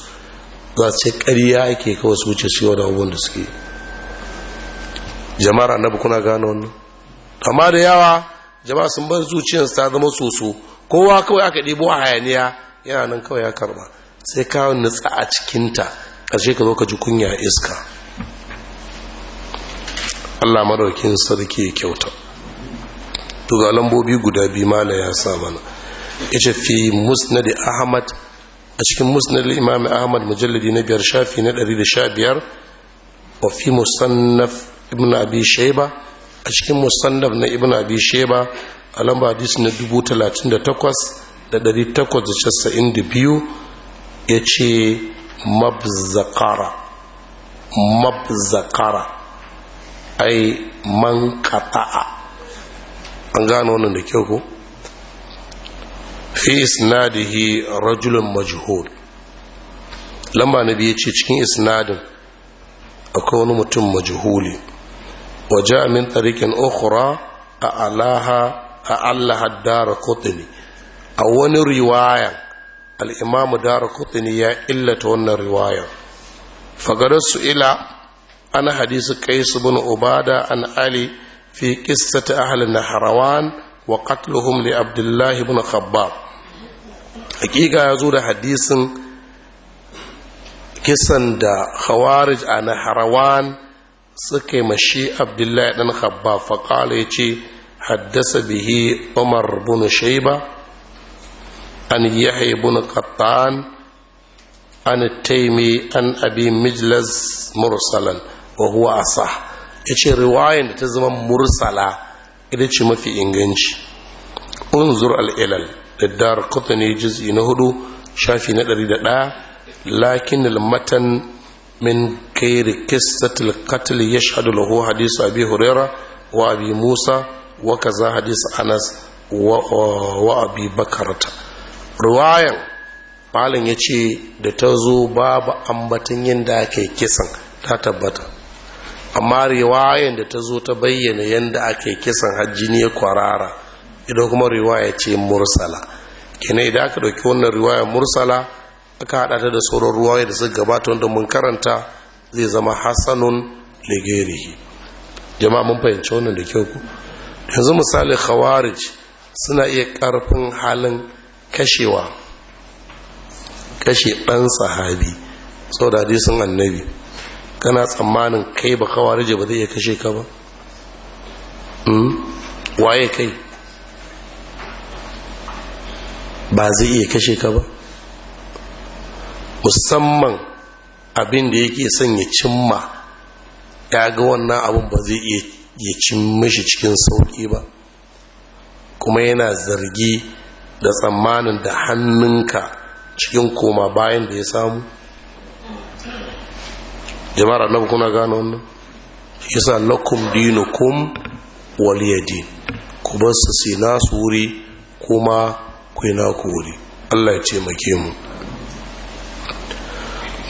za su ce ƙarya ake kawai su wuce su da abubuwan da suke jama'ar annabi kuna gano wannan amma da yawa jama'a sun bar zuciyar ta zama soso kowa kawai aka ɗebo a hayaniya yana nan kawai ya karba sai ka nutsa a cikinta ƙarshe ka zo ka ji kunya iska allah maraukin sarki ya kyauta to ga lambobi guda biyu mala ya sa mana Yace fi musnad ahmad a cikin musnad imam ahmad mujalladi na biyar shafi na 115 da sha biyar wa fi musannaf ibn abi shayba a cikin musannaf na ibn abi shayba a lamba hadis na dubu talatin da takwas da ɗari takwas da casa'in da biyu ya ce mabzakara mabzakara ai man kata'a an gano wannan da kyau ko fi isnadihi rajulun majhul lamba na biyu ce cikin isnadin akwai wani mutum majhuli waje min tarikin ukhra a alaha a allaha dara kotuni a wani riwaya al'imamu dara kotuni ya illata wannan riwayar fagarar su ila ana hadisu kaisu bin ubada an ali fi kistata ahalin harawan. wa qatluhum li abdullah ibn khabbab hakika yazo da hadisin kisan da khawarij a harawan suka yi mashi abdullah dan khabbab fa qala yace haddasa bihi umar bin shayba an yahya ibn qattan an taimi an abi mijlas mursalan wa huwa asah yace riwayan da ta zama mursala ita ce mafi inganci unzur al'ilal da dar ne jiz'i na hudu shafi na ɗari da ɗaya lakin matan min kairi kistatil katil ya shaɗu lahu hadisu abi hurera wa abi musa wa kaza hadisu anas wa abi bakarta ruwayan malin ya ce da ta zo babu ambatan yin da ake kisan ta tabbata amma riwayan da ta zo ta bayyana yadda ake kisan hajji ne kwarara idan kuma riwaya ce mursala kenan idan aka ɗauki wannan riwaya mursala aka haɗa ta da sauran ruwaya da suka gabata wanda mun karanta zai zama hasanun legerihi jama'a mun fahimci wannan da kyau ku yanzu misali khawarij suna iya karfin halin kashewa kashe ɗan sahabi sau da hadisin annabi kana tsammanin kai ba kawarije ba zai iya kashe ka ba hmm? waye kai ba zai iya kashe ka ba musamman abin da yake son ya cimma ya ga wannan abin ba zai iya ya cimma shi cikin sauƙi ba kuma yana zargi da tsammanin da hannunka cikin koma bayan da ya samu jama'ar annabi kuna gano wannan yasa lakum dinukum waliyadin ku bar su sai nasu wuri kuma ku yi naku wuri Allah ya ce make mu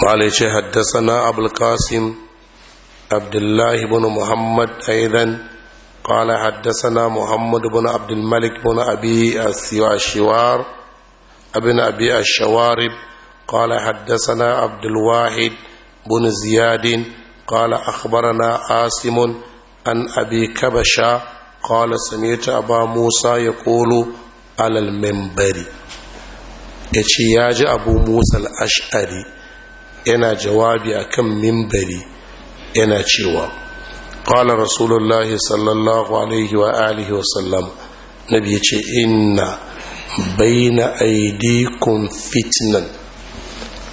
ma'ala ya ce haddasa na abulkasim abdullahi bin muhammad aidan قال حدثنا محمد بن عبد الملك a أبي Abin ابن a shawarib قال haddasa na Abdulwahid. بن زياد قال أخبرنا آسم عن أبي كبشة قال سمعت أبا موسى يقول على المنبر يتي ياج أبو موسى الأشعري yana jawabi akan mimbari yana cewa qala rasulullahi sallallahu alaihi wa alihi wa sallam nabi yace inna baina aidikun fitnan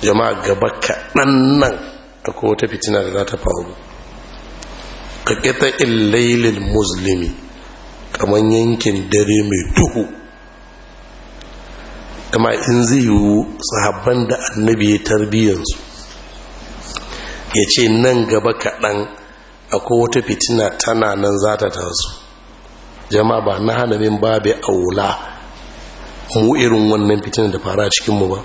jama'a gaba kaɗan nan akwai wata fitina da za ta faru ka ƙeta illailin musulmi kamar yankin dare mai duhu kama in zai yiwu sahabban da annabi ya tarbiyyansu ya ce nan gaba kaɗan akwai wata fitina tana nan za ta taso jama'a ba na hanamin babu aula mu irin wannan fitina da fara cikinmu ba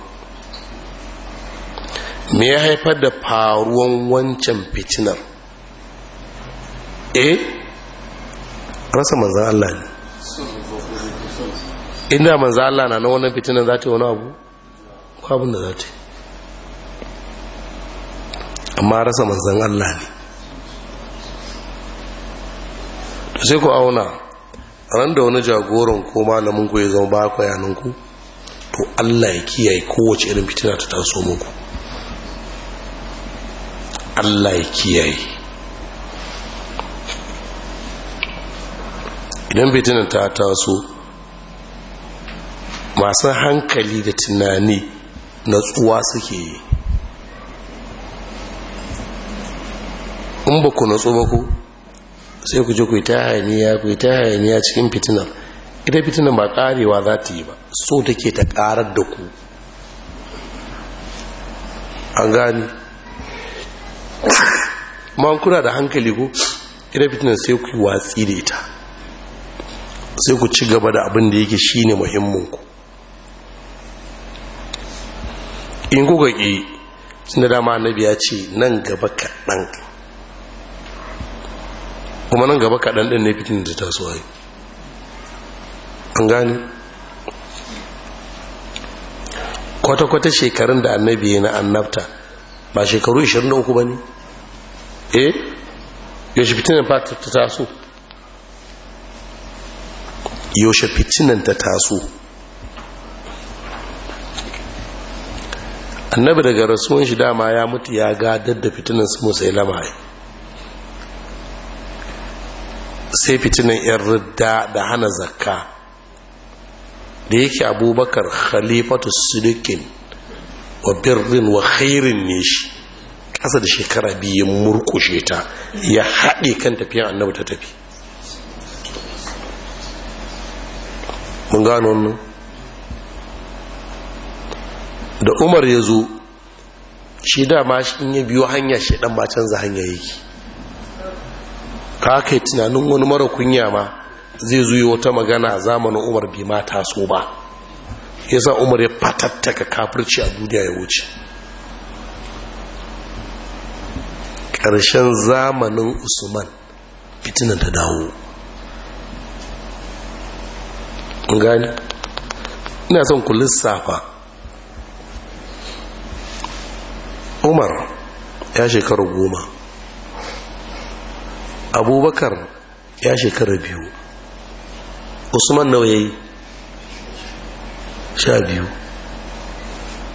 me ya haifar da faruwan wancan fitinar eh rasa manzan Allah ne inda manzan Allah na na wannan fitinar za ta yi wani abu ko da za ta yi amma rasa manzan Allah ne sai ku auna ran da wani jagoran ko malamin ku ya zama ba ku to Allah ya kiyaye kowace irin fitina ta taso muku allah ya kiyaye idan fitinan ta taso masu hankali da tunani na tsuwa suke yi in ba ku natsu ba ku sai ku ji ku ta hayaniya ku ta hayaniya cikin fitinan ita fitinan ba karewa za ta yi ba so take ta karar da ku an gani ma kuna da hankali ko ina fitinan sai ku watsi da ita sai ku ci gaba da abin da yake shine muhimminku in ku gaƙi sun da dama annabi ya ce nan gaba kaɗan kuma nan gaba kaɗan ɗin ne fitin da ta so yi an gani kwata-kwata shekarun da annabi ya na annabta ba shekaru 23 ba ne eh yaushe fitinan ta taso yaushe fitinan ta taso annabi daga rasuwan shi dama ya mutu ya gadar da fitinan su musa ilama sai fitinan yan ridda da hana zakka da yake abubakar khalifatu sidikin wa birrin wa khairin ne shi ƙasa da shekara biyu murkushe ta ya haɗe kan tafiya annabi ta tafi mun gano wannan da umar ya zo shi dama in ya biyo hanya shi ɗan ba canza hanya yake ka kai tunanin wani mara kunya ma zai zuyi wata magana zamanin umar bai ma taso ba yasa umar ya fatattaka kafirci a duniya ya wuce ƙarshen zamanin usman fitinan ta dawo gani ina son ku lissafa umar ya shekara goma abubakar ya shekara biyu usman nawa ya yi sha biyu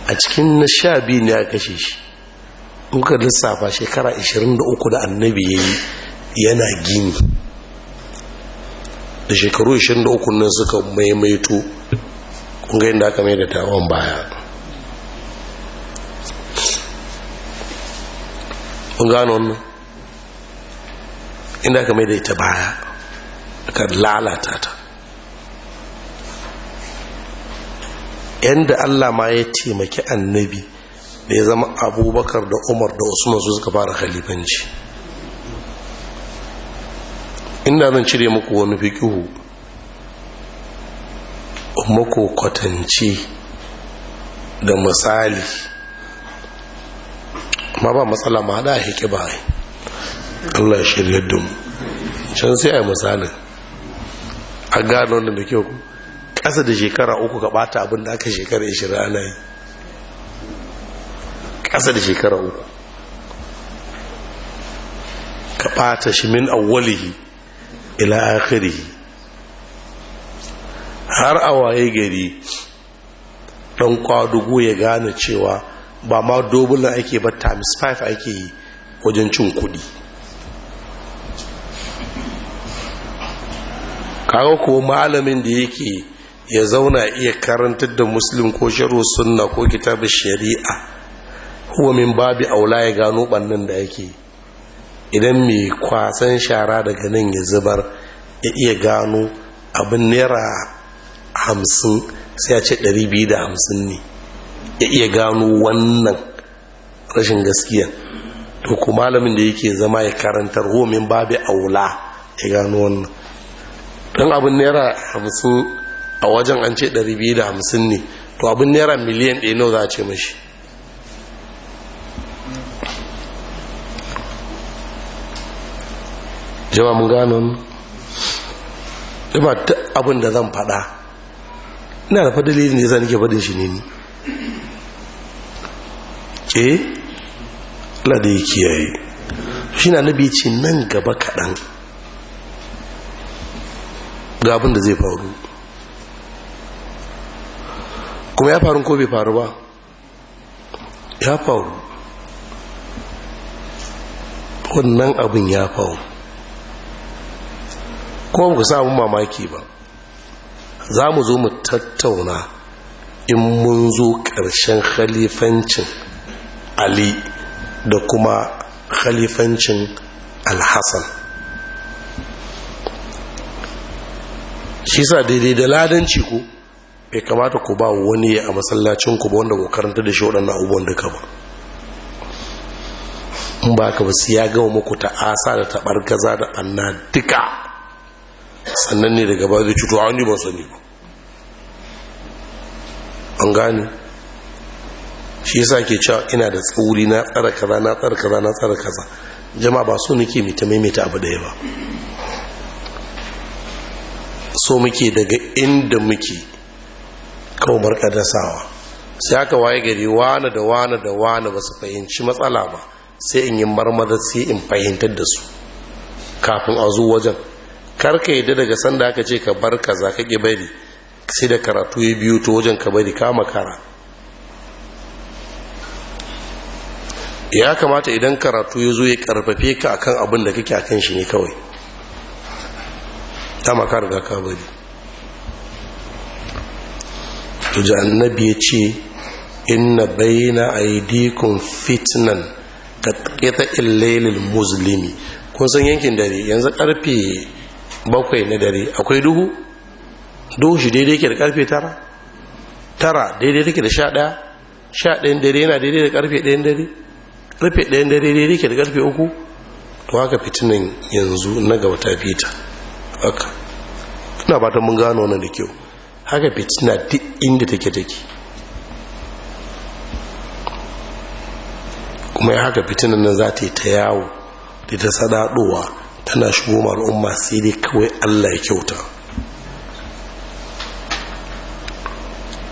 a cikin na sha biyu ne ya kashe shi kuka lissafa shekara 23 da annabi ya yi yana gini da shekaru 23 nan suka maimaito kunga yadda aka mai da taron baya kunga gano wannan inda aka mai da ita baya aka lalata ta yadda allah ma ya taimaki annabi da ya zama abubakar da umar da usman su suka fara khalifanci inda zan cire muku wani fikihu muku kwatance da misali ma ba matsala ma haɗa haƙi ba Allah shirya dum can sai a yi misalin a gano da kyau ƙasa da shekara uku ka ɓata abin da aka shekara 20 ana yi ƙasa da shekara uku ka ɓata shi min awwalihi ila akhirihi har a waye gari ɗan kwadugo ya gane cewa ba ma dubulan ake ba times 5 ake yi wajen cin kuɗi kawo kuwa malamin da yake ya zauna iya karantar da musulun ko sharu sunna ko kitabin shari'a huwa min babi aula ya gano bannin da yake idan mai kwasan shara daga nan ya zubar ya iya gano abin naira hamsin sai ya ce ɗari biyu da hamsin ne ya iya gano wannan rashin gaskiya to ku malamin da yake zama ya karantar huwa min babi aula ya gano wannan don abin naira hamsin a wajen an ce ɗari biyu da hamsin ne to abin naira miliyan ɗaya nawa za a ce mashi jama mun gano ni ba ta abin da zan faɗa ina da fadali ne zan ke faɗin shi ne ni eh lada ya kiyaye shi na nabi ce nan gaba kaɗan ga abin da zai faru kuma ya faru ko bai faru ba ya faru wannan abin ya faru ko sa mu mamaki ba za mu zo mu tattauna in mun zo ƙarshen khalifancin ali da kuma khalifancin alhassan shi sa daidai da ladanci ku bai kamata ku ba wani a masallacinku ba wanda ku karanta da shi waɗannan abubuwan duka ba in ba ka ba su ya gama muku ta'asa da taɓar gaza da anna duka sannan ne daga ba zai cuto a wani ban sani an gane shi yasa ke cewa ina da tsauri na tsara kaza na tsara kaza na tsara kaza jama'a ba so nake mita maimaita abu daya ba so muke daga inda muke kawo bar da sai aka waye gari wane da wane da wane ba su fahimci matsala ba sai in yi marmada sai in fahimtar da su kafin a zuwa wajen karka yadda daga sanda aka ce ka bar kaza ka ƙi bari sai da karatu ya biyu ta wajen ka bari kama kara ya kamata idan karatu ya zo ya karfafe ka akan abin da kake akan shi ne kawai ta makar riga ka bari tuji annabi ya ce inna bayyana aidikun fitnan ka ƙeta illailin musulmi kun san yankin dare yanzu ƙarfe. bakwai na dare akwai duhu duhu shi daidai ke da karfe tara tara daidai take da sha ɗaya sha ɗayan dare yana daidai da karfe ɗayan dare karfe ɗayan dare daidai ke da karfe uku to haka fitinan yanzu na gaba ta fita haka ina fatan mun gano wannan da kyau haka fitina duk inda take take kuma ya haka fitinan nan za ta yi ta yawo da ta sadadowa tana shigo al'umma sai dai kawai Allah ya kyauta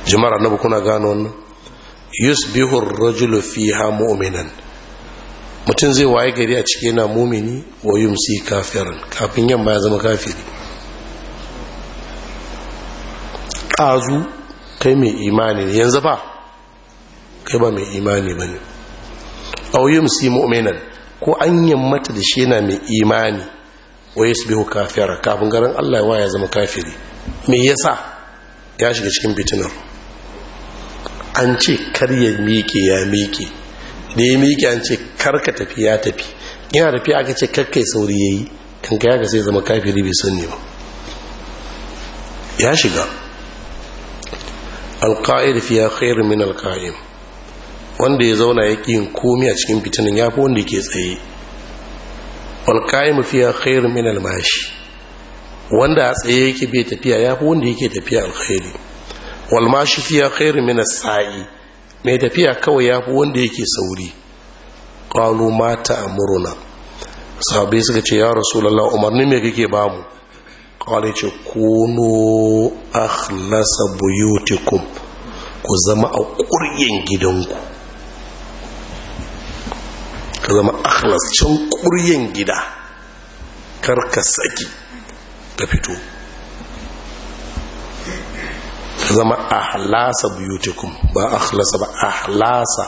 jama'ar annabi kuna gano wannan yusbihu ar-rajulu fiha mu'minan mutum zai waye gari a cikin yana mumini wa yumsi kafirin kafin yamma ya zama kafiri ƙazu kai mai imani ne yanzu ba kai ba mai imani ba ne auyum si mu'minan ko an yammata da shi yana mai imani wa yasbihu kafiyar kafin garin Allah ya waya zama kafiri me yasa ya shiga cikin fitinar an ce kar ya miƙe ya miƙe da ya miƙe an ce kar ka tafi ya tafi ina tafi aka ce kar kai sauri ya yi, kan ka yaga sai zama kafiri bai sun ba ya shiga alqa'id fiye khairu min alqa'im wanda ya zauna ya ƙi komi a cikin fitinin ya fi wanda ke tsaye walƙa'imu fiya khairun min almashi wanda a tsaye yake bai tafiya ya fi wanda yake tafiya alkhairi walmashi fiya khairun min sa'i mai tafiya kawai ya fi wanda yake sauri ƙwalo mata a muruna sahabai suka ce ya rasu rasulallah umarni mai kake ba mu Ƙwalo ce kuno akhlasa buyutikum ku zama a ƙuryen gidanku ka zama akhlas can gida kar ka saki ka fito ka zama ahlasa biyutukun ba akhlasa ba ahlasa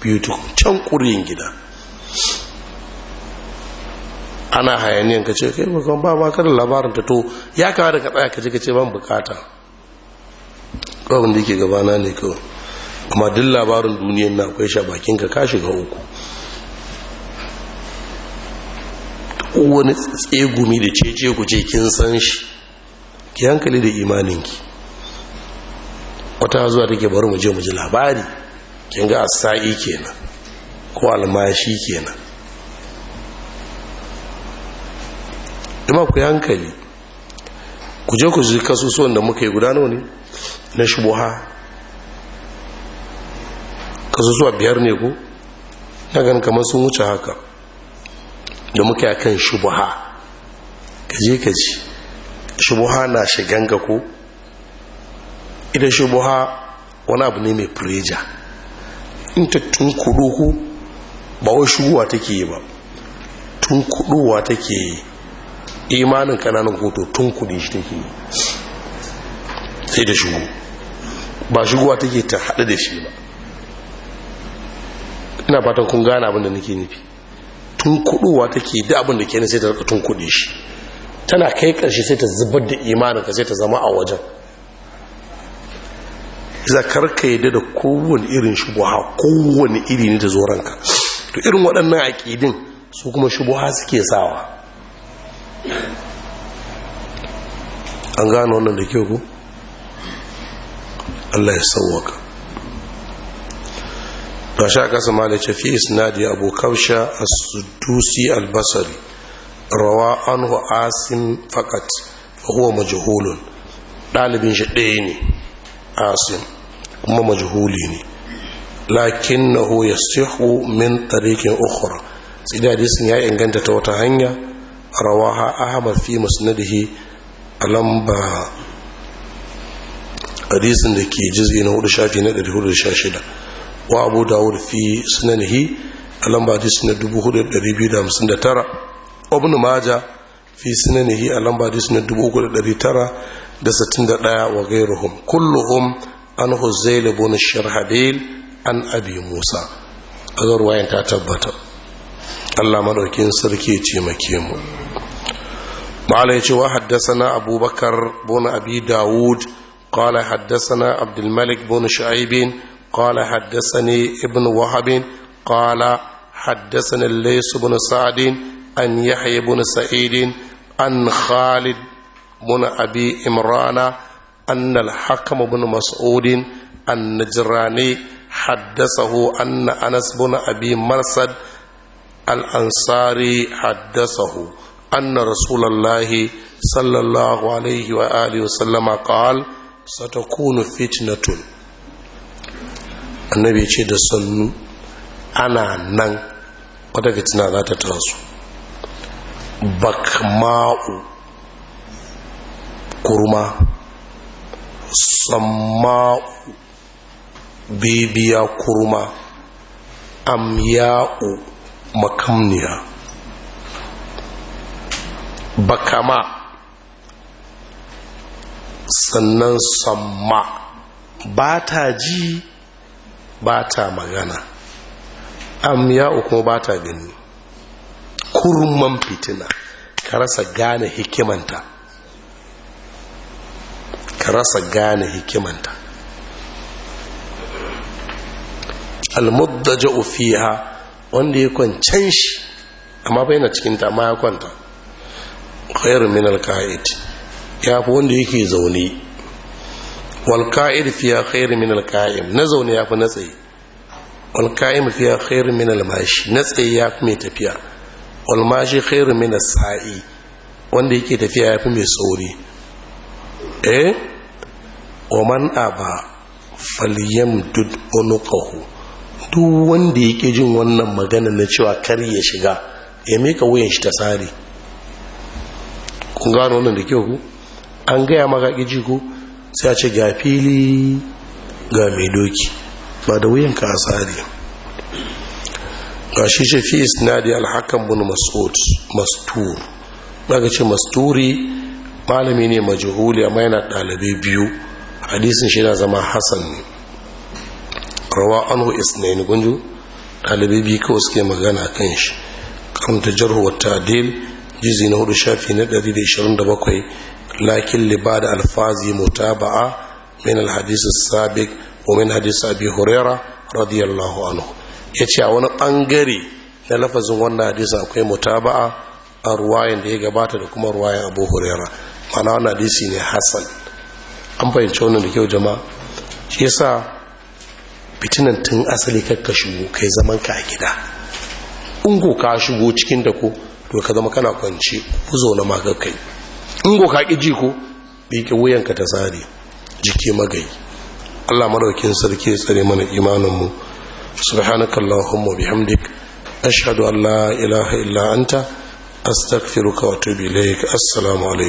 biyutukun can kuryen gida ana hayaniyan ka ce kai bakon ba ba kada labarin ta to ya kawo da ka tsaya ka ce ka ce ban bukata kawai da yake gabana ne kawai amma duk labarin duniyan na akwai sha bakin ka ka shiga uku wani tsegumi da cece guje kin san shi ki hankali da imaninki wata zuwa take bari mu je mu ji labari kin ga sa'i kenan ko almashi kenan kuma ku hankali ku je ku ji kasusuwan da muka yi gudano ne na shubuha kasusuwa biyar ne ku na gan kamar sun wuce haka da muke kan shubuha kaje kaji shubuha na shiganga ko idan shubuha wani abu ne mai fureja in ta tunkuru ku ba wai shubuwa take yi ba tunkuduwa take yi imanin kananan hoto tunkuɗe shi take yi sai da shubu ba shubuwa take ta haɗu da shi ba ina fatan kun gane abin da nake nufi tun kuduwa take da abinda ke kenan sai ta rika tun shi tana kai ƙarshe sai ta zubar da imanin ka sai ta zama a wajen za ka yi da kowane irin shubuha kowane iri ne da zo ranka to irin waɗannan aƙidin su kuma shubuha suke sawa an gano wannan da ke ku? Allah ya sauwaka to sha kasa ma da tafi isnadi abu kausha as sudusi al-basri rawa anhu asim faqat huwa majhulun dalibin shi ɗaya ne asim kuma majhuli ne lakinnahu yasihu min tariqin ukhra sai da hadisin ya inganta ta wata hanya rawaha ahmad fi musnadihi a lamba hadisin da ke jizgi na hudu shafi na 416 wa abu dawud fi sunanihi a lamba hadisi na 4259 ibn maja fi sunanihi a lamba hadisi na 3961 wa gairuhum kulluhum an huzzail ibn sharhabil an abi musa a zarwayan ta tabbata Allah madaukin sarki ce make mu ma'ala ya ce wa haddasa na abubakar bin abi dawud قال حدثنا عبد الملك بن شعيب قال حدثني ابن وهب قال حدثني الليث بن سعد أن يحيى بن سعيد أن خالد بن أبي إمران أن الحكم بن مسعود النجراني حدثه أن أنس بن أبي مرسد الأنصاري حدثه أن رسول الله صلى الله عليه وآله وسلم قال ستكون فتنة annabi ce da sannu ana nan wata fitina za ta taso bakma'u kurma samma'u bibiya kurma amya'u makamniya bakama sannan samma ba ta ji ba ta magana amya'u kuma ba ta gani kurman fitina ka rasa gane hikimanta ka rasa gane hikimanta almuddaja fiha wanda ya kwancan shi amma bai na cikinta amma ya kwanta khairu min alka'id ya fi wanda yake zaune wal qa'id fiya khairu min al qa'im na zaune ya fi tsaye wal qa'im fiya khairu min al mashi na tsaye yafi mai tafiya wal mashi khairu min as sa'i wanda yake tafiya ya fi mai sauri eh wa man aba falyamdud unuqahu duk wanda yake jin wannan magana na cewa kar ya shiga ya mika wuyan shi ta tsari kun gano wannan da kyau ku an gaya maka ƙiji ku sai a ce ga fili ga mai doki ba da wuyan ka tsari ga shi shafi isnadi alhakan bin mas'ud mastur daga ce masturi malami ne majahuli amma yana ɗalibai biyu hadisin shi na zama Hassan ne rawa anhu isnaini gunju ɗalibai biyu kawai suke magana kan shi karanta jarhu wa tadil jizi na hudu shafi na 127 lakin liba da alfazi mutaba'a min alhadis sabiq wa min hadis abi huraira radiyallahu anhu yace a wani bangare na lafazin wannan hadisi akwai mutaba'a a ruwayan da ya gabata da kuma ruwayan abu huraira mana hadisi ne Hassan. an fahimci wannan da yau jama'a shi yasa fitinan tun asali ka shigo kai zaman ka a gida in ko ka shigo cikin da ko doka ka zama kana kwance ku zauna ma kai in go ka ji ko biki wuyanka ta sare jiki magayi Allah madaukin sarki tsare mana imanin mu subhanakallahumma bihamdik ashhadu an la ilaha illa anta astaghfiruka wa atubu ilaik assalamu alaikum